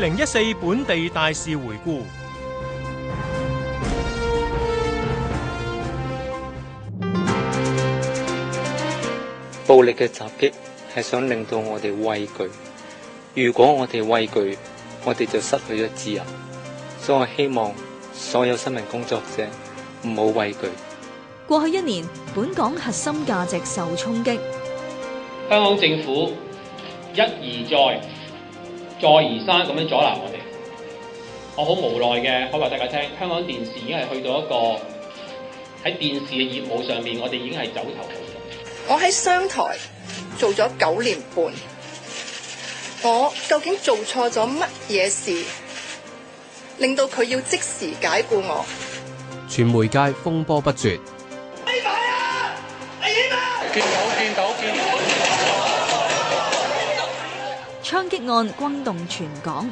二零一四本地大事回顧。暴力嘅襲擊係想令到我哋畏懼，如果我哋畏懼，我哋就失去咗自由。所以我希望所有新聞工作者唔好畏懼。過去一年，本港核心價值受衝擊。香港政府一而再。再而三咁樣阻攔我哋，我好無奈嘅。我話大家聽，香港電視已經係去到一個喺電視嘅業務上面，我哋已經係走投無路。我喺商台做咗九年半，我究竟做錯咗乜嘢事，令到佢要即時解僱我？傳媒界風波不絕。槍擊案轟動全港，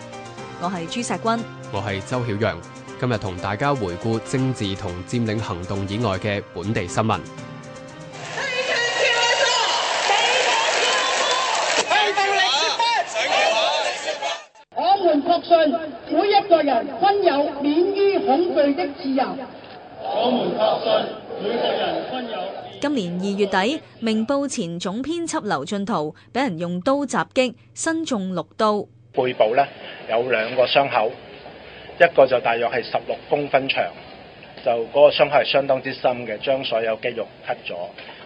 我係朱石君，我係周曉陽，今日同大家回顧政治同佔領行動以外嘅本地新聞。我們確信每一個人均有免於恐懼的自由。我們確信每一個人均有。今年二月底，明報前總編輯劉進圖俾人用刀襲擊，身中六刀。背部咧有兩個傷口，一個就大約係十六公分長，就嗰個傷口係相當之深嘅，將所有肌肉 cut 咗，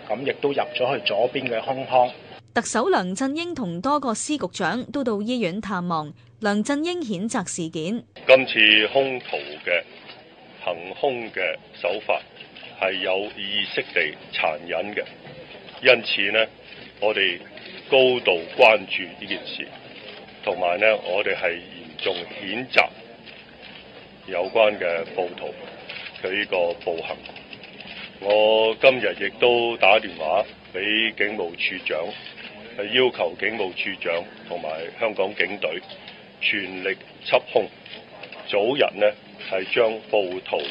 咁亦都入咗去左邊嘅胸腔。特首梁振英同多個司局長都到醫院探望，梁振英譴責事件，今次凶徒嘅行兇嘅手法，係有意識地殘忍嘅，因此呢，我哋高度關注呢件事，同埋呢，我哋係嚴重譴責有關嘅暴徒佢呢個暴行。我今日亦都打電話俾警務處長，係要求警務處長同埋香港警隊全力緝兇，早日呢，係將暴徒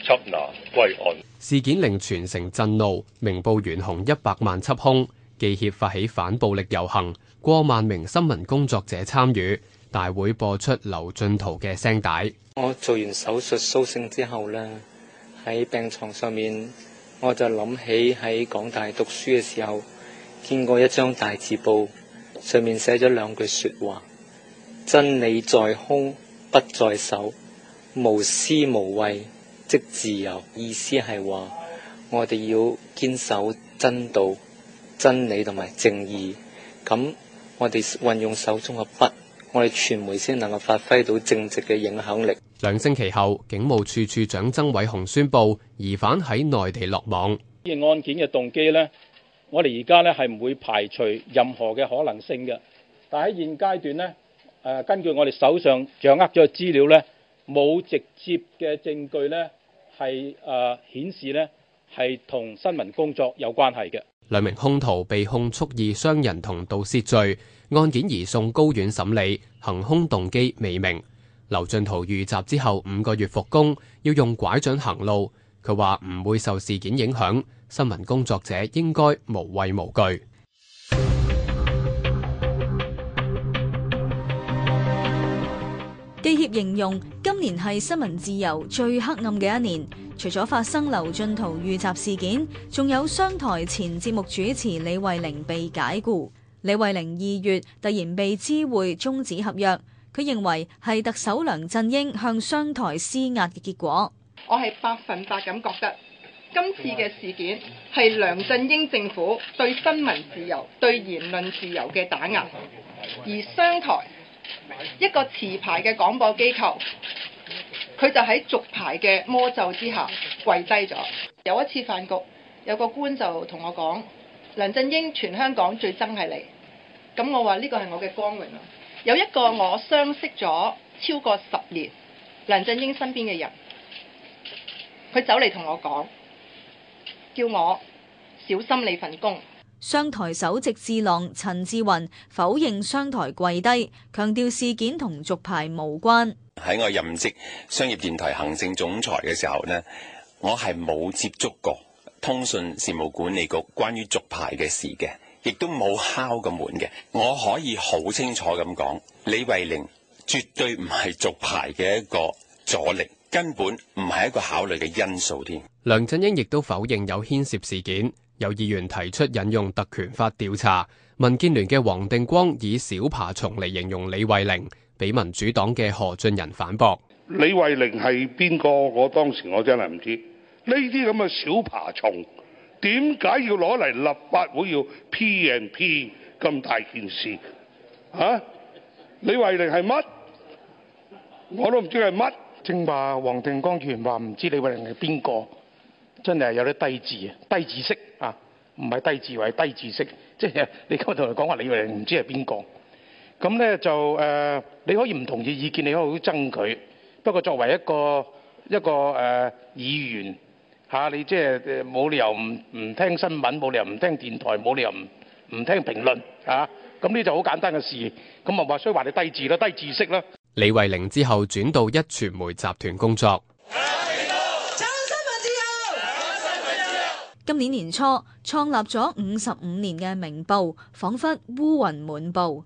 緝拿歸案。事件令全城震怒，明報懸紅一百萬緝兇，記協發起反暴力遊行，過萬名新聞工作者參與，大會播出劉進圖嘅聲帶。我做完手術甦醒之後呢，喺病床上面，我就諗起喺港大讀書嘅時候見過一張大字報，上面寫咗兩句說話：真理在胸不在手；無私無畏。即自由意思係話，我哋要堅守真道、真理同埋正義。咁我哋運用手中嘅筆，我哋傳媒先能夠發揮到正直嘅影響力。兩星期後，警務處處長曾偉雄宣布疑犯喺內地落網。案件嘅動機咧，我哋而家咧係唔會排除任何嘅可能性嘅。但喺現階段咧，誒、呃、根據我哋手上掌握咗嘅資料咧，冇直接嘅證據咧。係誒顯示呢，係同新聞工作有關係嘅。兩名兇徒被控蓄意傷人同盜竊罪，案件移送高院審理，行兇動機未明。劉進圖遇襲之後五個月復工，要用拐杖行路。佢話唔會受事件影響，新聞工作者應該無畏無懼。記協形容今年係新聞自由最黑暗嘅一年，除咗發生劉進圖遇襲事件，仲有商台前節目主持李慧玲被解僱。李慧玲二月突然被知會終止合約，佢認為係特首梁振英向商台施壓嘅結果。我係百分百咁覺得，今次嘅事件係梁振英政府對新聞自由、對言論自由嘅打壓，而商台。一個持牌嘅廣播機構，佢就喺續牌嘅魔咒之下跪低咗。有一次飯局，有個官就同我講：梁振英全香港最憎係你。咁我話呢個係我嘅光榮。有一個我相識咗超過十年梁振英身邊嘅人，佢走嚟同我講，叫我小心你份工。商台首席智囊陳志雲否認商台跪低，強調事件同續牌無關。喺我任職商業電台行政總裁嘅時候呢，我係冇接觸過通訊事務管理局關於續牌嘅事嘅，亦都冇敲個門嘅。我可以好清楚咁講，李慧玲絕對唔係續牌嘅一個阻力，根本唔係一個考慮嘅因素添。梁振英亦都否認有牽涉事件。有議員提出引用特權法調查，民建聯嘅黃定光以小爬蟲嚟形容李慧玲，俾民主黨嘅何俊仁反駁：李慧玲係邊個？我當時我真係唔知。呢啲咁嘅小爬蟲，點解要攞嚟立法會要 P and P 咁大件事？啊，李慧玲係乜？我都唔知係乜。正話黃定光議員話唔知李慧玲係邊個。真係有啲低智啊，低智識啊，唔係低智，話係低智識。即係你今日同佢講話，李慧玲唔知係邊個。咁咧就誒，你可以唔同意意見，你可以爭佢。不過作為一個一個誒議員吓，你即係冇理由唔唔聽新聞，冇理由唔聽電台，冇理由唔唔聽評論吓。咁呢就好簡單嘅事。咁啊話，所以話你低智咯，低智識咯。李慧玲之後轉到壹傳媒集團工作。今年年初，創立咗五十五年嘅明報，彷彿烏雲滿布。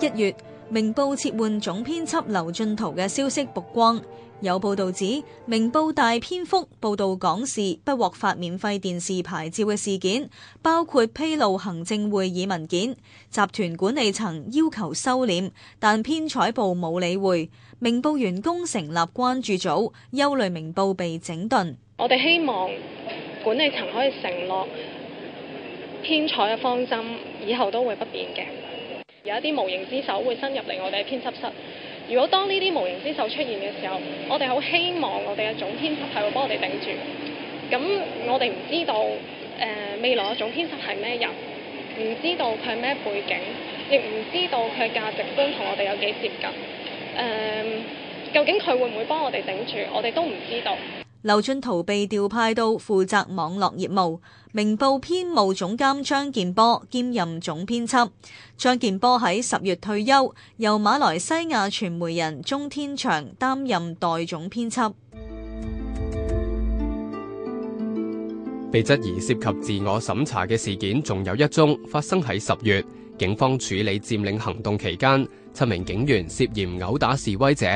一月。明報撤換總編輯劉進圖嘅消息曝光，有報道指明報大篇幅報道港視不獲發免費電視牌照嘅事件，包括披露行政會議文件，集團管理層要求收斂，但編採部冇理會，明報員工成立關注組，憂慮明報被整頓。我哋希望管理層可以承諾編採嘅方針以後都會不變嘅。有一啲無形之手會伸入嚟我哋嘅編輯室。如果當呢啲無形之手出現嘅時候，我哋好希望我哋嘅總編輯係會幫我哋頂住。咁我哋唔知道誒、呃、未來嘅總編輯係咩人，唔知道佢係咩背景，亦唔知道佢嘅價值觀同我哋有幾接近。誒、呃，究竟佢會唔會幫我哋頂住，我哋都唔知道。劉進圖被調派到負責網絡業務，明報編務總監張健波兼任總編輯。張健波喺十月退休，由馬來西亞傳媒人鍾天祥擔任代總編輯。被質疑涉及自我審查嘅事件，仲有一宗發生喺十月，警方處理佔領行動期間，七名警員涉嫌毆打示威者。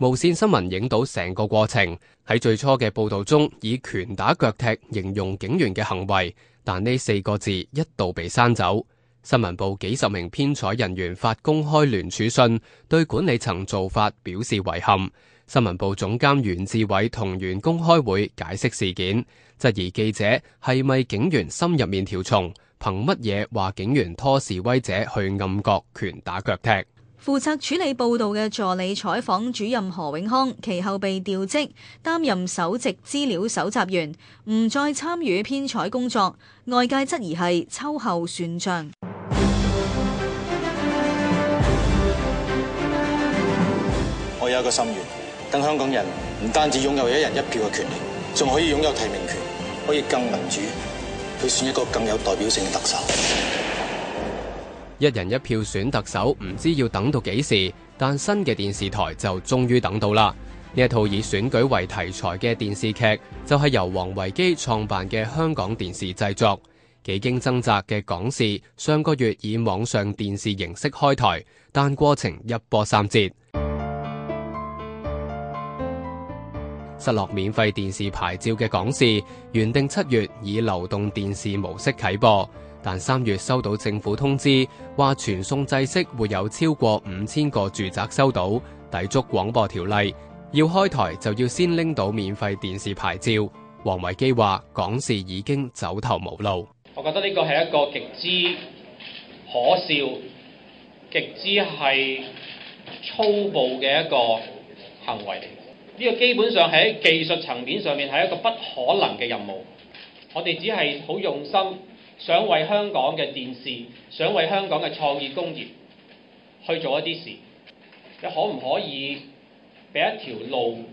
無綫新聞影到成個過程，喺最初嘅報道中以拳打腳踢形容警員嘅行為，但呢四個字一度被刪走。新聞部幾十名編採人員發公開聯署信，對管理層做法表示遺憾。新聞部總監袁志偉同員工開會解釋事件，質疑記者係咪警員心入面條蟲，憑乜嘢話警員拖示威者去暗角拳打腳踢？負責處理報道嘅助理採訪主任何永康，其後被調職，擔任首席資料搜集員，唔再參與編採工作。外界質疑係秋後算賬。我有一個心願，等香港人唔單止擁有一人一票嘅權利，仲可以擁有提名權，可以更民主去選一個更有代表性嘅特首。一人一票選特首，唔知要等到幾時，但新嘅電視台就終於等到啦。呢一套以選舉為題材嘅電視劇，就係由王維基創辦嘅香港電視製作。幾經掙扎嘅港視，上個月以網上電視形式開台，但過程一波三折。失落免費電視牌照嘅港視，原定七月以流動電視模式啟播。但三月收到政府通知，話傳送制式會有超過五千個住宅收到，抵觸廣播條例，要開台就要先拎到免費電視牌照。王維基話：港視已經走投無路。我覺得呢個係一個極之可笑、極之係粗暴嘅一個行為。呢、呢個基本上喺技術層面上面係一個不可能嘅任務。我哋只係好用心。想為香港嘅電視，想為香港嘅創意工業去做一啲事，你可唔可以俾一條路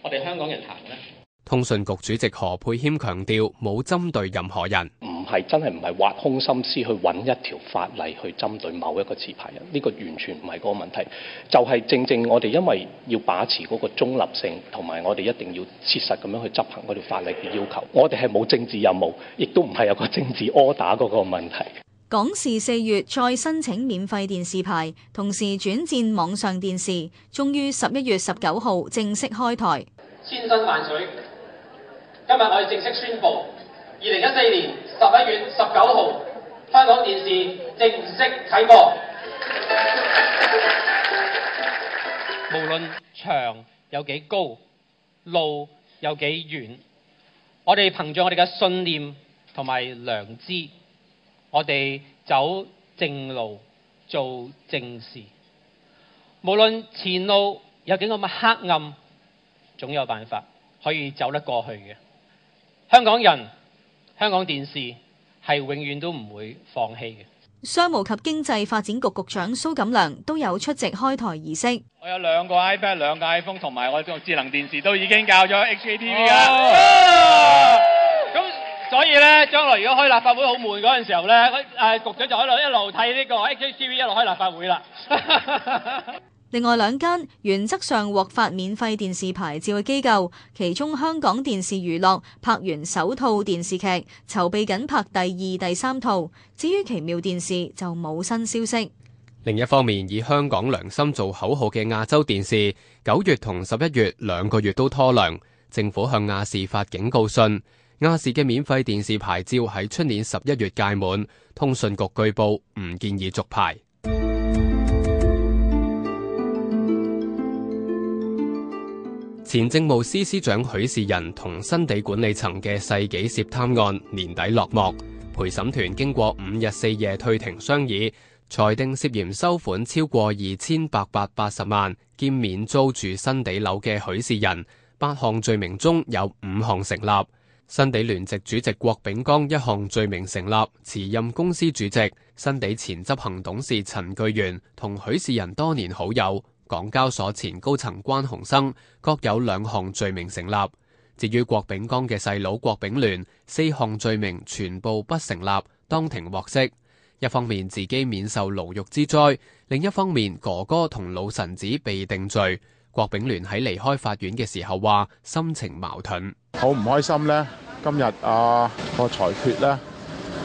我哋香港人行咧？通訊局主席何佩謙強調，冇針對任何人，唔係真係唔係挖空心思去揾一條法例去針對某一個持牌人，呢、這個完全唔係嗰個問題，就係、是、正正我哋因為要把持嗰個中立性，同埋我哋一定要切實咁樣去執行嗰條法例嘅要求，我哋係冇政治任務，亦都唔係有個政治柯打嗰個問題。港視四月再申請免費電視牌，同時轉戰網上電視，終於十一月十九號正式開台。千山萬水。今日我哋正式宣布，二零一四年十一月十九號，香港電視正式啟播。無論牆有幾高，路有幾遠，我哋憑着我哋嘅信念同埋良知，我哋走正路，做正事。無論前路有幾咁黑暗，總有辦法可以走得過去嘅。香港人、香港電視係永遠都唔會放棄嘅。商務及經濟發展局局長蘇錦樑都有出席開台儀式。我有兩個 iPad、兩個 iPhone 同埋我個智能電視都已經教咗 HKTV 啦。咁、oh! oh! oh! 所以咧，將來如果開立法會好悶嗰陣時候咧，誒、啊、局長就喺度一路睇呢個 HKTV 一路開立法會啦。 另外兩間原則上獲發免費電視牌照嘅機構，其中香港電視娛樂拍完首套電視劇，籌備緊拍第二、第三套；至於奇妙電視就冇新消息。另一方面，以香港良心做口號嘅亞洲電視，九月同十一月兩個月都拖糧，政府向亞視發警告信。亞視嘅免費電視牌照喺出年十一月屆滿，通訊局據報，唔建議續牌。前政務司司長許仕仁同新地管理層嘅世紀涉貪案年底落幕，陪審團經過五日四夜退庭商議，裁定涉嫌收款超過二千八百八十萬，兼免租住新地樓嘅許仕仁八項罪名中有五項成立。新地聯席主席郭炳江一項罪名成立，辭任公司主席。新地前執行董事陳巨源同許仕仁多年好友。港交所前高層關雄生各有兩項罪名成立，至於郭炳江嘅細佬郭炳聯四項罪名全部不成立，當庭獲釋。一方面自己免受牢獄之災，另一方面哥哥同老臣子被定罪。郭炳聯喺離開法院嘅時候話，心情矛盾，好唔開心呢，今日啊個裁決呢，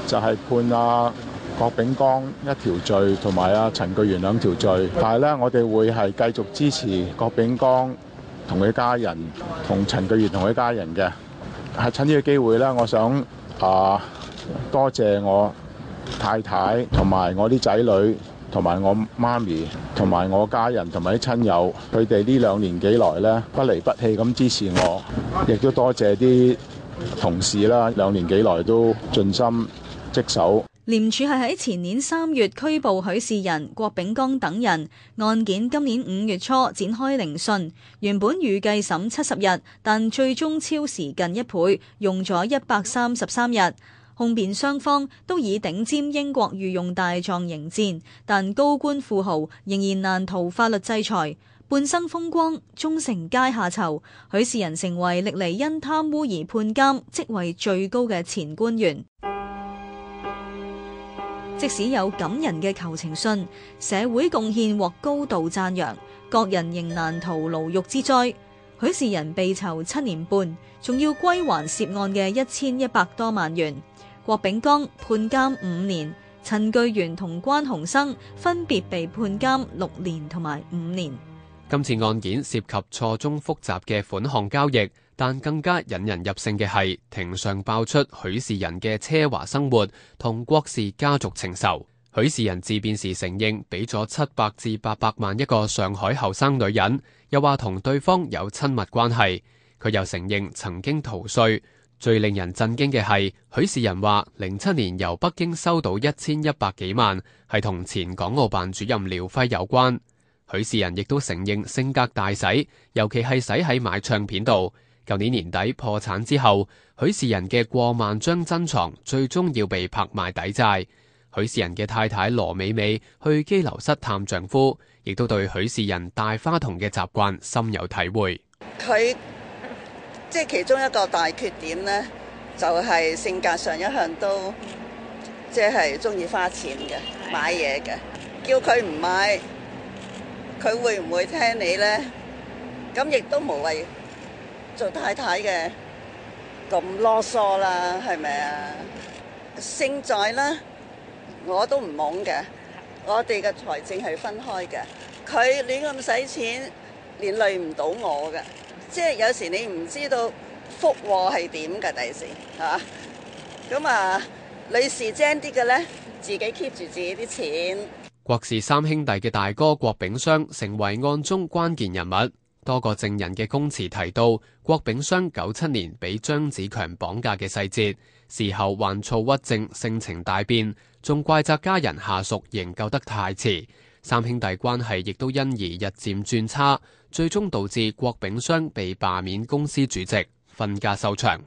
就係、是、判啊。郭炳江一條罪同埋啊陳巨源兩條罪，但係呢，我哋會係繼續支持郭炳江同佢家人同陳巨源同佢家人嘅。係趁呢個機會呢，我想啊多謝我太太同埋我啲仔女同埋我媽咪同埋我家人同埋啲親友，佢哋呢兩年幾來呢，不離不棄咁支持我，亦都多謝啲同事啦，兩年幾來都盡心職守。廉署係喺前年三月拘捕許仕仁、郭炳江等人，案件今年五月初展開聆訊。原本預計審七十日，但最終超時近一倍，用咗一百三十三日。控辯雙方都以頂尖英國御用大狀迎戰，但高官富豪仍然難逃法律制裁。半生風光，終成階下囚。許仕仁成為歷嚟因貪污而判監，職位最高嘅前官員。即使有感人嘅求情信，社會貢獻獲高度讚揚，各人仍難逃牢獄之災。許仕仁被囚七年半，仲要歸還涉案嘅一千一百多萬元。郭炳江判監五年，陳巨源同關雄生分別被判監六年同埋五年。今次案件涉及錯綜複雜嘅款項交易。但更加引人入勝嘅係庭上爆出許仕仁嘅奢華生活同郭氏家族情仇。許仕仁自辯時承認俾咗七百至八百萬一個上海後生女人，又話同對方有親密關係。佢又承認曾經逃稅。最令人震驚嘅係許仕仁話，零七年由北京收到一千一百幾萬，係同前港澳辦主任廖輝有關。許仕仁亦都承認性格大使，尤其係使喺買唱片度。舊年年底破產之後，許仕仁嘅過萬張珍藏最終要被拍賣抵債。許仕仁嘅太太羅美美去羈留室探丈夫，亦都對許仕仁大花筒嘅習慣深有體會。佢即係其中一個大缺點呢，就係性格上一向都即係中意花錢嘅，買嘢嘅。叫佢唔買，佢會唔會聽你呢？咁亦都無謂。做太太嘅咁囉嗦啦，係咪啊？勝在啦，我都唔懵嘅。我哋嘅財政係分開嘅，佢亂咁使錢，連累唔到我嘅。即係有時你唔知道福禍係點嘅，第時吓。咁啊、呃，女士精啲嘅咧，自己 keep 住自己啲錢。郭氏三兄弟嘅大哥郭炳湘成為案中關鍵人物。多個證人嘅供詞提到，郭炳湘九七年被張子強綁架嘅細節，事後患躁鬱症，性情大變，仲怪責家人下屬營救得太遲，三兄弟關係亦都因而日漸轉差，最終導致郭炳湘被罷免公司主席，分家收場。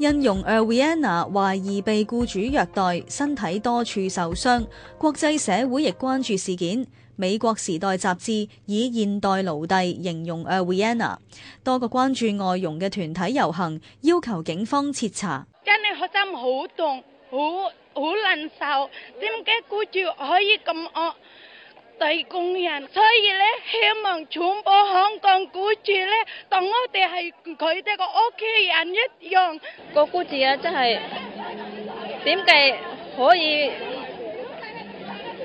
印傭 Erwiana 懷疑被雇主虐待，身體多處受傷，國際社會亦關注事件。美國《時代》雜誌以現代奴隸形容 Erwiana，多個關注外傭嘅團體遊行，要求警方徹查。真係好生好噉，好，好難受，點解雇主可以咁惡？.對工人所以咧，希望全部香港僱主咧，當我哋係佢哋個屋企人一樣個古仔啊！真係點計可以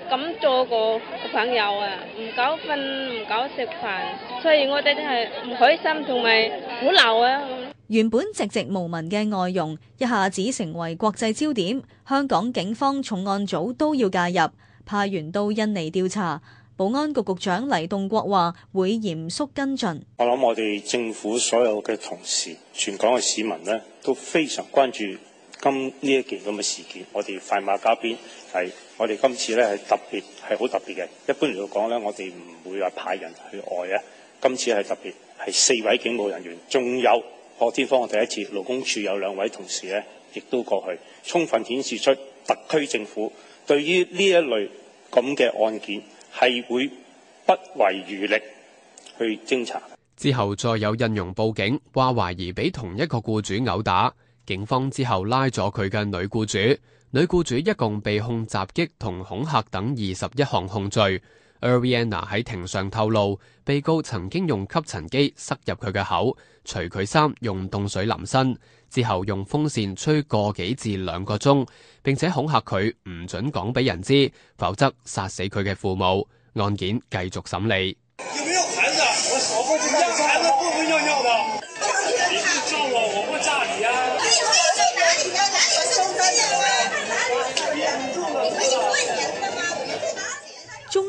咁做個朋友啊？唔搞瞓，唔搞食飯，所以我哋真係唔開心同埋苦惱啊！原本籍籍無名嘅外傭，一下子成為國際焦點，香港警方重案組都要介入。派員到印尼調查，保安局局長黎棟國話會嚴肅跟進。我諗我哋政府所有嘅同事、全港嘅市民咧都非常關注今呢一件咁嘅事件。我哋快馬加鞭，係我哋今次咧係特別係好特別嘅。一般嚟到講咧，我哋唔會話派人去外啊。今次係特別係四位警務人員，仲有何天芳，我，方我第一次勞工處有兩位同事咧，亦都過去，充分顯示出特區政府。對於呢一類咁嘅案件，係會不遺餘力去偵查。之後再有印傭報警，話懷疑被同一個雇主毆打，警方之後拉咗佢嘅女雇主，女雇主一共被控襲擊同恐嚇等二十一項控罪。Arianna 喺庭上透露，被告曾經用吸塵機塞入佢嘅口，除佢衫，用凍水淋身，之後用風扇吹個幾至兩個鐘，並且恐嚇佢唔准講俾人知，否則殺死佢嘅父母。案件繼續審理。有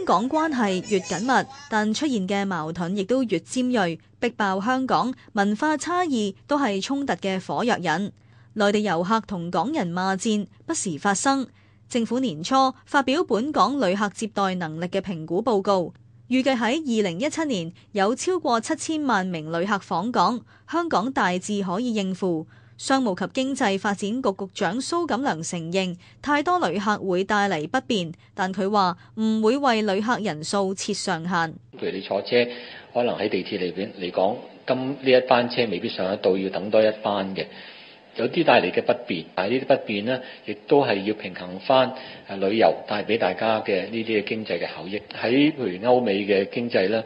港關係越緊密，但出現嘅矛盾亦都越尖鋭，逼爆香港。文化差異都係衝突嘅火藥引。內地遊客同港人罵戰不時發生。政府年初發表本港旅客接待能力嘅評估報告，預計喺二零一七年有超過七千萬名旅客訪港，香港大致可以應付。商務及經濟發展局局長蘇錦樑承認太多旅客會帶嚟不便，但佢話唔會為旅客人數設上限。譬如你坐車，可能喺地鐵裏邊嚟講，今呢一班車未必上得到，要等多一班嘅，有啲帶嚟嘅不便。但係呢啲不便呢，亦都係要平衡翻係旅遊帶俾大家嘅呢啲嘅經濟嘅效益。喺譬如歐美嘅經濟咧。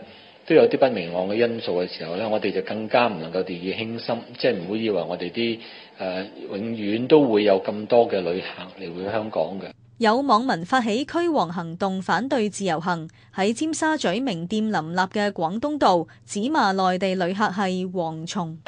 都有啲不明朗嘅因素嘅時候咧，我哋就更加唔能夠掉以輕心，即係唔會以為我哋啲誒永遠都會有咁多嘅旅客嚟回香港嘅。有網民發起驅蝗行動反對自由行，喺尖沙咀名店林立嘅廣東道指罵內地旅客係蝗蟲。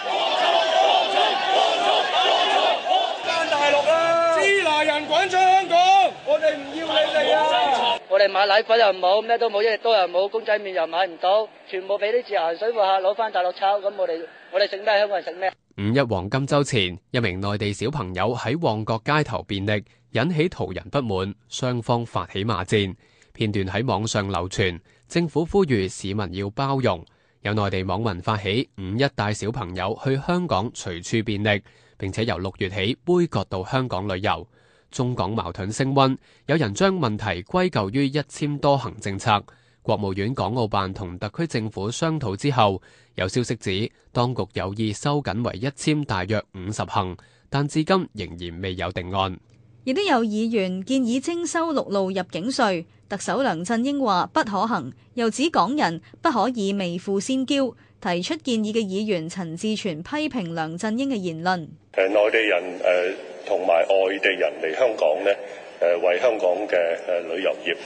我哋買奶粉又冇，咩都冇，一日都又冇，公仔麵又買唔到，全部俾啲自由行水貨客攞翻大陸炒，咁我哋我哋剩低香港人食咩？五一黃金週前，一名內地小朋友喺旺角街頭便溺，引起途人不滿，雙方發起罵戰，片段喺網上流傳。政府呼籲市民要包容。有內地網民發起五一帶小朋友去香港隨處便溺，並且由六月起杯葛到香港旅遊。中港矛盾升溫，有人將問題歸咎於一簽多行政策。國務院港澳辦同特區政府商討之後，有消息指當局有意收緊為一簽大約五十行，但至今仍然未有定案。亦都有議員建議徵收陸路入境稅，特首梁振英話不可行，又指港人不可以未富先驕。提出建議嘅議員陳志全批評梁振英嘅言論。誒，內地人誒，同埋外地人嚟香港咧，誒為香港嘅誒旅遊業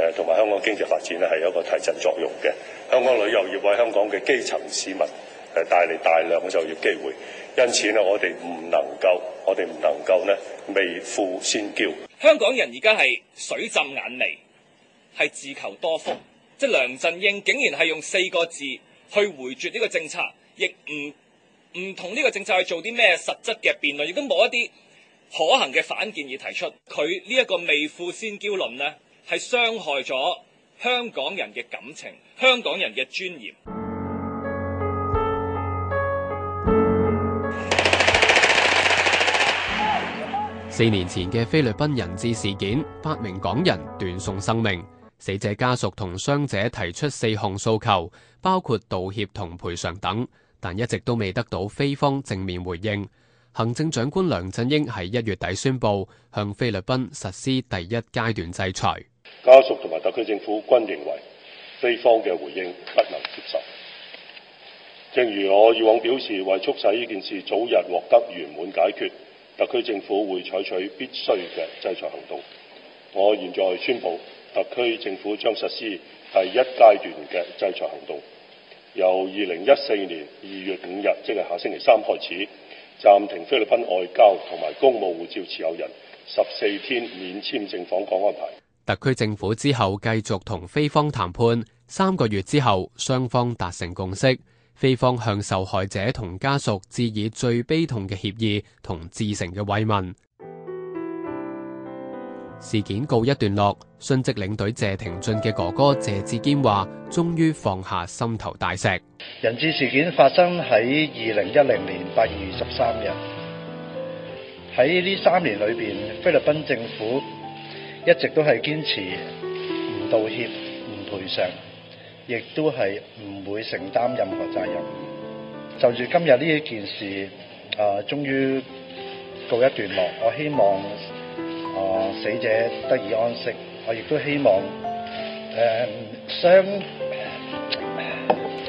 誒同埋香港經濟發展咧，係有一個提振作用嘅。香港旅遊業為香港嘅基層市民誒帶嚟大量嘅就業機會，因此咧我哋唔能夠，我哋唔能夠咧未富先驕。香港人而家係水浸眼眉，係自求多福。即係梁振英竟然係用四個字，去回絕呢個政策，亦唔唔同呢個政策去做啲咩實質嘅辯論，亦都冇一啲可行嘅反建議提出。佢呢一個未富先驕論呢，係傷害咗香港人嘅感情、香港人嘅尊嚴。四年前嘅菲律賓人質事件，八名港人斷送生命。死者家屬同傷者提出四項訴求，包括道歉同賠償等，但一直都未得到菲方正面回應。行政長官梁振英喺一月底宣布向菲律賓實施第一階段制裁。家屬同埋特區政府均認為，菲方嘅回應不能接受。正如我以往表示，為促使呢件事早日獲得圓滿解決，特區政府會採取必須嘅制裁行動。我現在宣布。特區政府將實施第一階段嘅制裁行動，由二零一四年二月五日，即係下星期三開始，暫停菲律賓外交同埋公務護照持有人十四天免簽證訪港安排。特區政府之後繼續同菲方談判，三個月之後，雙方達成共識，菲方向受害者同家屬致以最悲痛嘅歉意同至誠嘅慰問。事件告一段落，殉職領隊謝廷駿嘅哥哥謝志堅話，終於放下心頭大石。人質事件發生喺二零一零年八月二十三日，喺呢三年裏邊，菲律賓政府一直都係堅持唔道歉、唔賠償，亦都係唔會承擔任何責任。就住今日呢一件事，誒、呃，終於告一段落，我希望。哦、死者得以安息，我亦都希望，誒、呃、傷，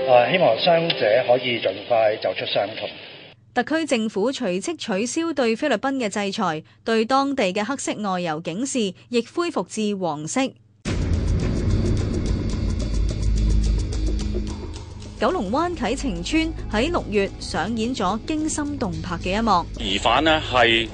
啊、呃、希望傷者可以盡快走出傷痛。特區政府隨即取消對菲律賓嘅制裁，對當地嘅黑色外遊警示亦恢復至黃色。 九龍灣啟晴邨喺六月上演咗驚心動魄嘅一幕，疑犯呢係。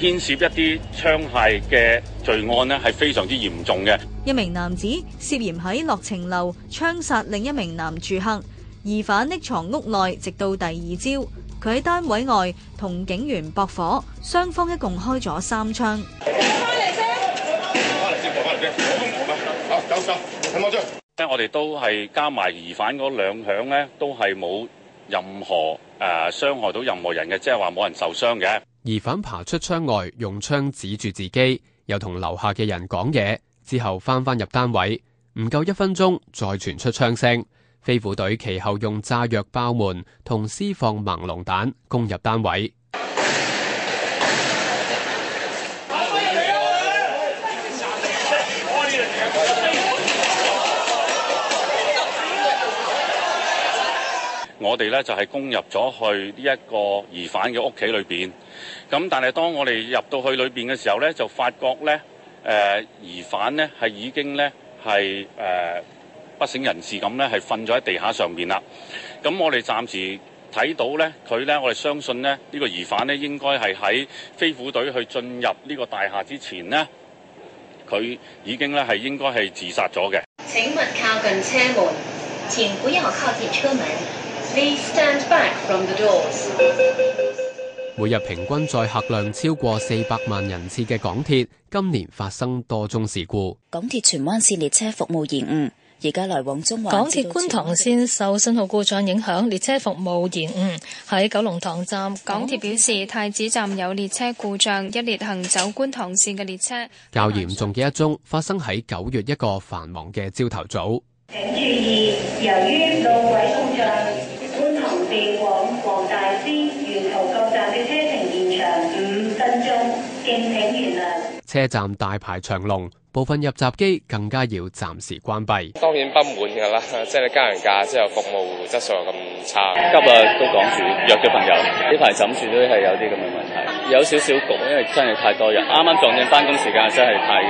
牽涉一啲槍械嘅罪案咧，係非常之嚴重嘅。一名男子涉嫌喺樂晴樓槍殺另一名男住客，疑犯匿藏屋內直到第二朝，佢喺單位外同警員搏火，雙方一共開咗三槍。翻嚟先，翻嚟先，我翻嚟先。好，九十，睇冇咗。咧，我哋都係加埋疑犯嗰兩響咧，都係冇任何誒傷害到任何人嘅，即係話冇人受傷嘅。疑犯爬出窗外，用槍指住自己，又同樓下嘅人講嘢，之後翻翻入單位，唔夠一分鐘再傳出槍聲。飛虎隊其後用炸藥包門同私放盲龍彈攻入單位。我哋呢，就係攻入咗去呢一個疑犯嘅屋企裏邊。咁但係當我哋入到去裏邊嘅時候咧，就發覺咧，誒、呃、疑犯呢係已經咧係誒不省人事咁咧，係瞓咗喺地下上邊啦。咁、嗯、我哋暫時睇到咧，佢咧我哋相信咧呢、這個疑犯呢應該係喺飛虎隊去進入呢個大廈之前呢，佢已經咧係應該係自殺咗嘅。請勿靠近車門，請不要靠近車門。Please stand back from the doors. 每日平均載客量超過四百萬人次嘅港鐵，今年發生多宗事故。港鐵荃灣綫列車服務延誤，而家來往中環。港鐵觀塘綫受信號故障影響，列車服務延誤。喺九龍塘站，港鐵表示太子站有列車故障，一列行走觀塘綫嘅列車。較嚴重嘅一宗發生喺九月一個繁忙嘅朝頭早。由於路軌故障，觀塘綫往車站大排長龍，部分入閘機更加要暫時關閉。當然不滿噶啦，即係你加人價之後服務質素咁差，今日都講住約咗朋友，呢排枕住都係有啲咁嘅問題，有少少焗，因為真係太多人，啱啱撞正返工時間，真係太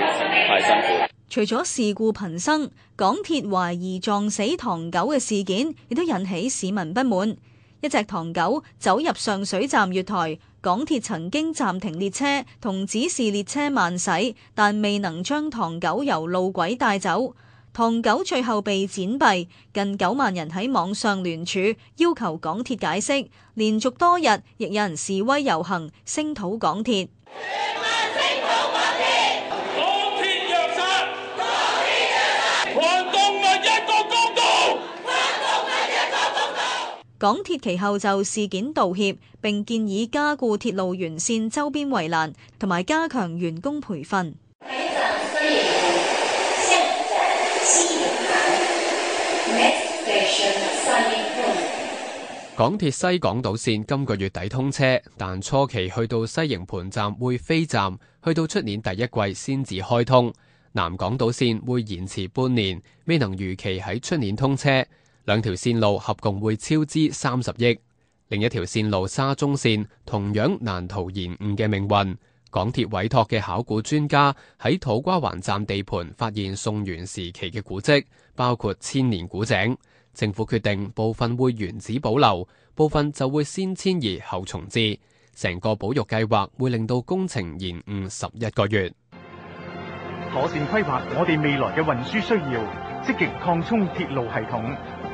太辛苦。除咗事故頻生，港鐵懷疑撞死唐狗嘅事件，亦都引起市民不滿。一隻唐狗走入上水站月台。港鐵曾經暫停列車同指示列車慢駛，但未能將唐狗由路軌帶走。唐狗最後被輾斃，近九萬人喺網上聯署要求港鐵解釋，連續多日亦有人示威遊行聲討港鐵。 港鐵其後就事件道歉，並建議加固鐵路沿線周邊圍欄，同埋加強員工培訓。港鐵西港島線今個月底通車，但初期去到西營盤站會飛站，去到出年第一季先至開通。南港島線會延遲半年，未能如期喺出年通車。兩條線路合共會超支三十億，另一條線路沙中線同樣難逃延誤嘅命運。港鐵委託嘅考古專家喺土瓜灣站地盤發現宋元時期嘅古蹟，包括千年古井。政府決定部分會原址保留，部分就會先遷移後重置。成個保育計劃會令到工程延誤十一個月。妥善規劃我哋未來嘅運輸需要，積極擴充鐵路系統。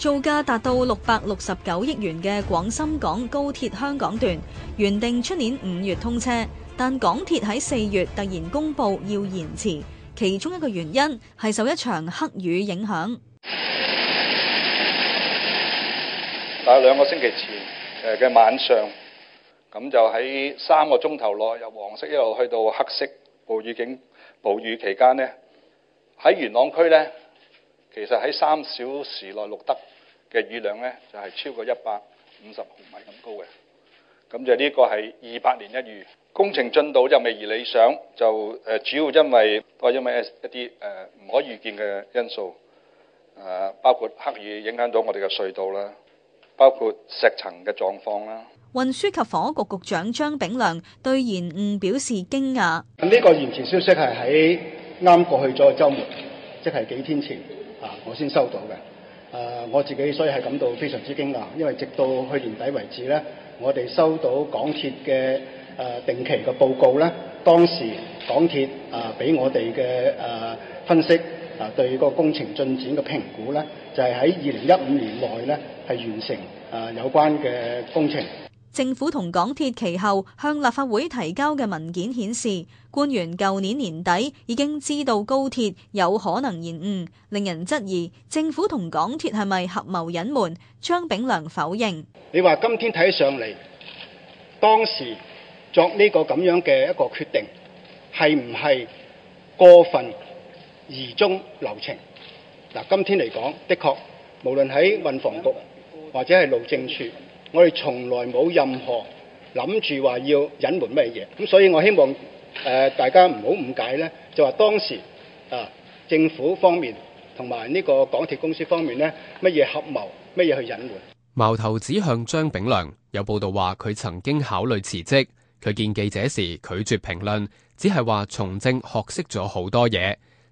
造價達到六百六十九億元嘅廣深港高鐵香港段，原定出年五月通車，但港鐵喺四月突然公布要延遲，其中一個原因係受一場黑雨影響。大約兩個星期前嘅晚上，咁就喺三個鐘頭內由黃色一路去到黑色暴雨警，暴雨期間呢，喺元朗區呢，其實喺三小時內錄得。嘅雨量咧，就係超過一百五十毫米咁高嘅，咁就呢個係二百年一遇。工程進度就未如理想，就誒主要因為都係因為一啲誒唔可預見嘅因素，啊包括黑雨影響到我哋嘅隧道啦，包括石層嘅狀況啦。運輸及房屋局局長張炳良對延誤表示驚訝。呢個延遲消息係喺啱過去咗周末，即係幾天前啊，我先收到嘅。誒、呃、我自己所以係感到非常之驚訝，因為直到去年底為止呢，我哋收到港鐵嘅誒定期嘅報告呢，當時港鐵啊俾我哋嘅誒分析啊、呃、對個工程進展嘅評估、呃就係、呢，就係喺二零一五年內呢，係完成誒、呃、有關嘅工程。政府同港鐵其後向立法會提交嘅文件顯示，官員舊年年底已經知道高鐵有可能延誤，令人質疑政府同港鐵係咪合謀隱瞞。張炳良否認。你話今天睇起上嚟，當時作呢個咁樣嘅一個決定，係唔係過分而中流程？嗱，今天嚟講，的確無論喺運房局或者係路政處。我哋從來冇任何諗住話要隱瞞乜嘢，咁所以我希望誒大家唔好誤解咧，就話當時啊政府方面同埋呢個港鐵公司方面咧乜嘢合謀，乜嘢去隱瞞。矛頭指向張炳良，有報道話佢曾經考慮辭職，佢見記者時拒絕評論，只係話從政學識咗好多嘢。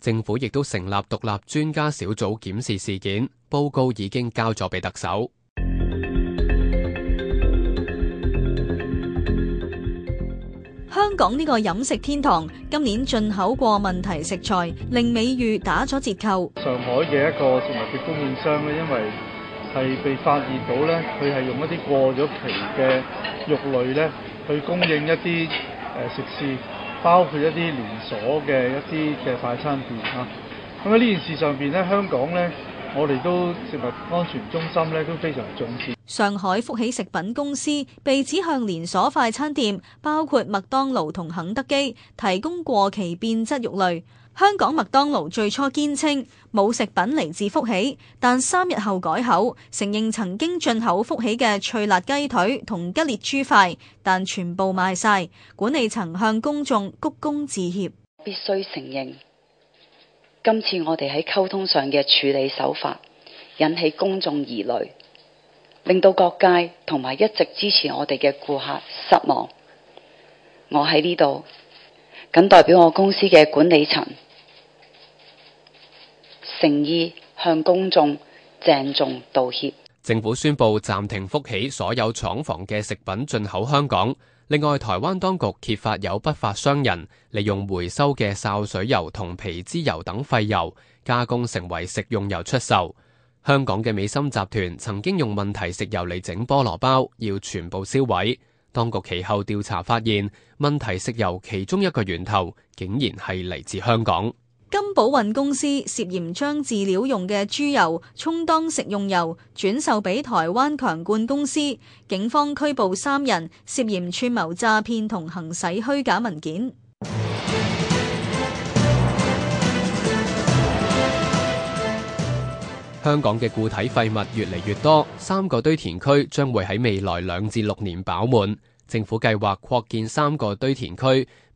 政府亦都成立獨立專家小組檢視事件，報告已經交咗俾特首。香港呢個飲食天堂今年進口過問題食材，令美譽打咗折扣。上海嘅一個食物嘅供應商咧，因為係被發現到咧，佢係用一啲過咗期嘅肉類咧，去供應一啲誒食肆。包括一啲連鎖嘅一啲嘅快餐店啊，咁喺呢件事上邊咧，香港咧，我哋都食物安全中心咧都非常重視。上海福喜食品公司被指向連鎖快餐店，包括麥當勞同肯德基，提供過期變質肉類。香港麥當勞最初堅稱冇食品嚟自福喜，但三日後改口承認曾經進口福喜嘅脆辣雞腿同吉列豬塊，但全部賣晒。管理層向公眾鞠躬致歉。必須承認今次我哋喺溝通上嘅處理手法引起公眾疑慮，令到各界同埋一直支持我哋嘅顧客失望。我喺呢度，謹代表我公司嘅管理層誠意向公眾鄭重道歉。政府宣布暫停福喜所有廠房嘅食品進口香港。另外，台灣當局揭發有不法商人利用回收嘅潲水油同皮脂油等廢油加工成為食用油出售。香港嘅美心集團曾經用問題食油嚟整菠蘿包，要全部燒毀。當局其後調查發現，問題食油其中一個源頭竟然係嚟自香港。金寶運公司涉嫌將飼料用嘅豬油充當食用油，轉售俾台灣強冠公司。警方拘捕三人，涉嫌串謀詐騙同行使虛假文件。香港嘅固體廢物越嚟越多，三個堆填區將會喺未來兩至六年飽滿。政府計劃擴建三個堆填區。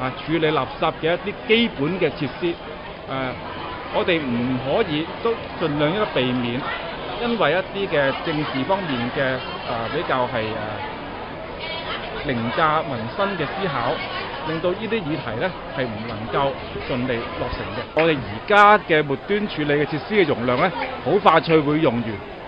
啊！處理垃圾嘅一啲基本嘅設施，誒，我哋唔可以都盡量一避免，因為一啲嘅政治方面嘅啊比較係誒凌駕民生嘅思考，令到呢啲議題咧係唔能夠順利落成嘅。我哋而家嘅末端處理嘅設施嘅容量咧，好快脆會用完，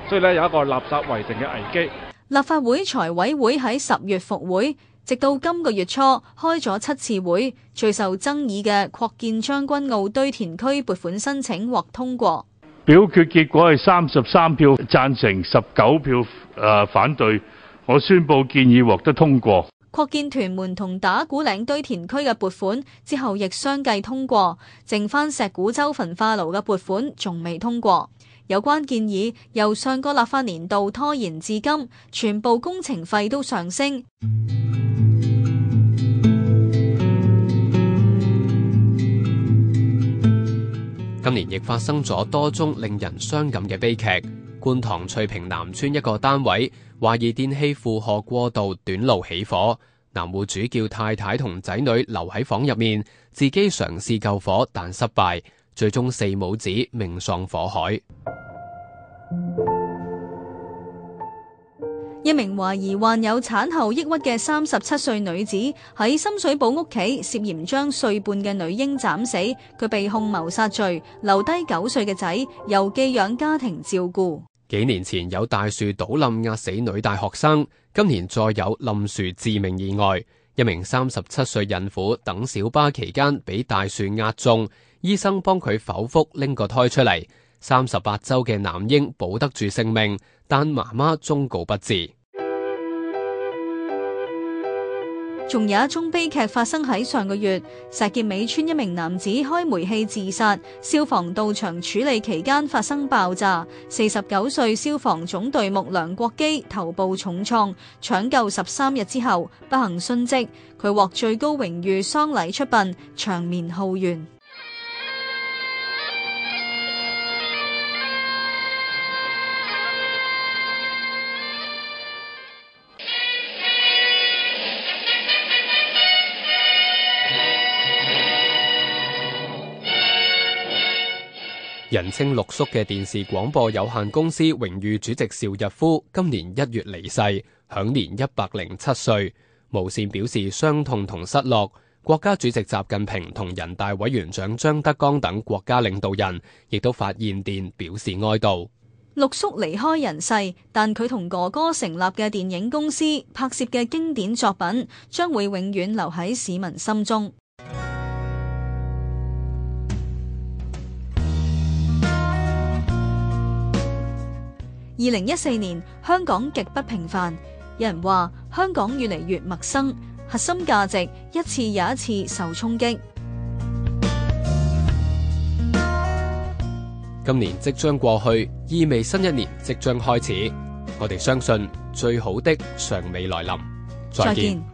所以咧有一個垃圾圍城嘅危機。立法會財委會喺十月復會。直到今個月初開咗七次會，最受爭議嘅擴建將軍澳堆填區撥款申請獲通過。表決結果係三十三票贊成，十九票誒、呃、反對，我宣布建議獲得通過。擴建屯門同打鼓嶺堆填區嘅撥款之後亦相繼通過，剩翻石鼓洲焚化爐嘅撥款仲未通過。有關建議由上個立法年度拖延至今，全部工程費都上升。今年亦發生咗多宗令人傷感嘅悲劇。觀塘翠屏南村一個單位，懷疑電器負荷過度短路起火，男戶主叫太太同仔女留喺房入面，自己嘗試救火但失敗，最終四母子命喪火海。 一名懷疑患有產後抑鬱嘅三十七歲女子喺深水埗屋企涉嫌將歲半嘅女嬰斬死，佢被控謀殺罪，留低九歲嘅仔由寄養家庭照顧。幾年前有大樹倒冧壓死女大學生，今年再有冧樹致命意外，一名三十七歲孕婦等小巴期間被大樹壓中，醫生幫佢剖腹拎個胎出嚟。三十八周嘅男嬰保得住性命，但媽媽終告不治。仲有一宗悲劇發生喺上個月，石硤尾村一名男子開煤氣自殺，消防到場處理期間發生爆炸，四十九歲消防總隊目梁國基頭部重創，搶救十三日之後不幸殉職，佢獲最高榮譽，喪禮出殯長眠浩園。人稱六叔嘅電視廣播有限公司榮譽主席邵逸夫今年一月離世，享年一百零七歲。無綫表示傷痛同失落，國家主席習近平同人大委員長張德江等國家領導人亦都發唁電表示哀悼。六叔離開人世，但佢同哥哥成立嘅電影公司拍攝嘅經典作品，將會永遠留喺市民心中。二零一四年香港極不平凡，有人話香港越嚟越陌生，核心價值一次又一次受衝擊。今年即將過去，意味新一年即將開始。我哋相信最好的尚未來臨。再見。再見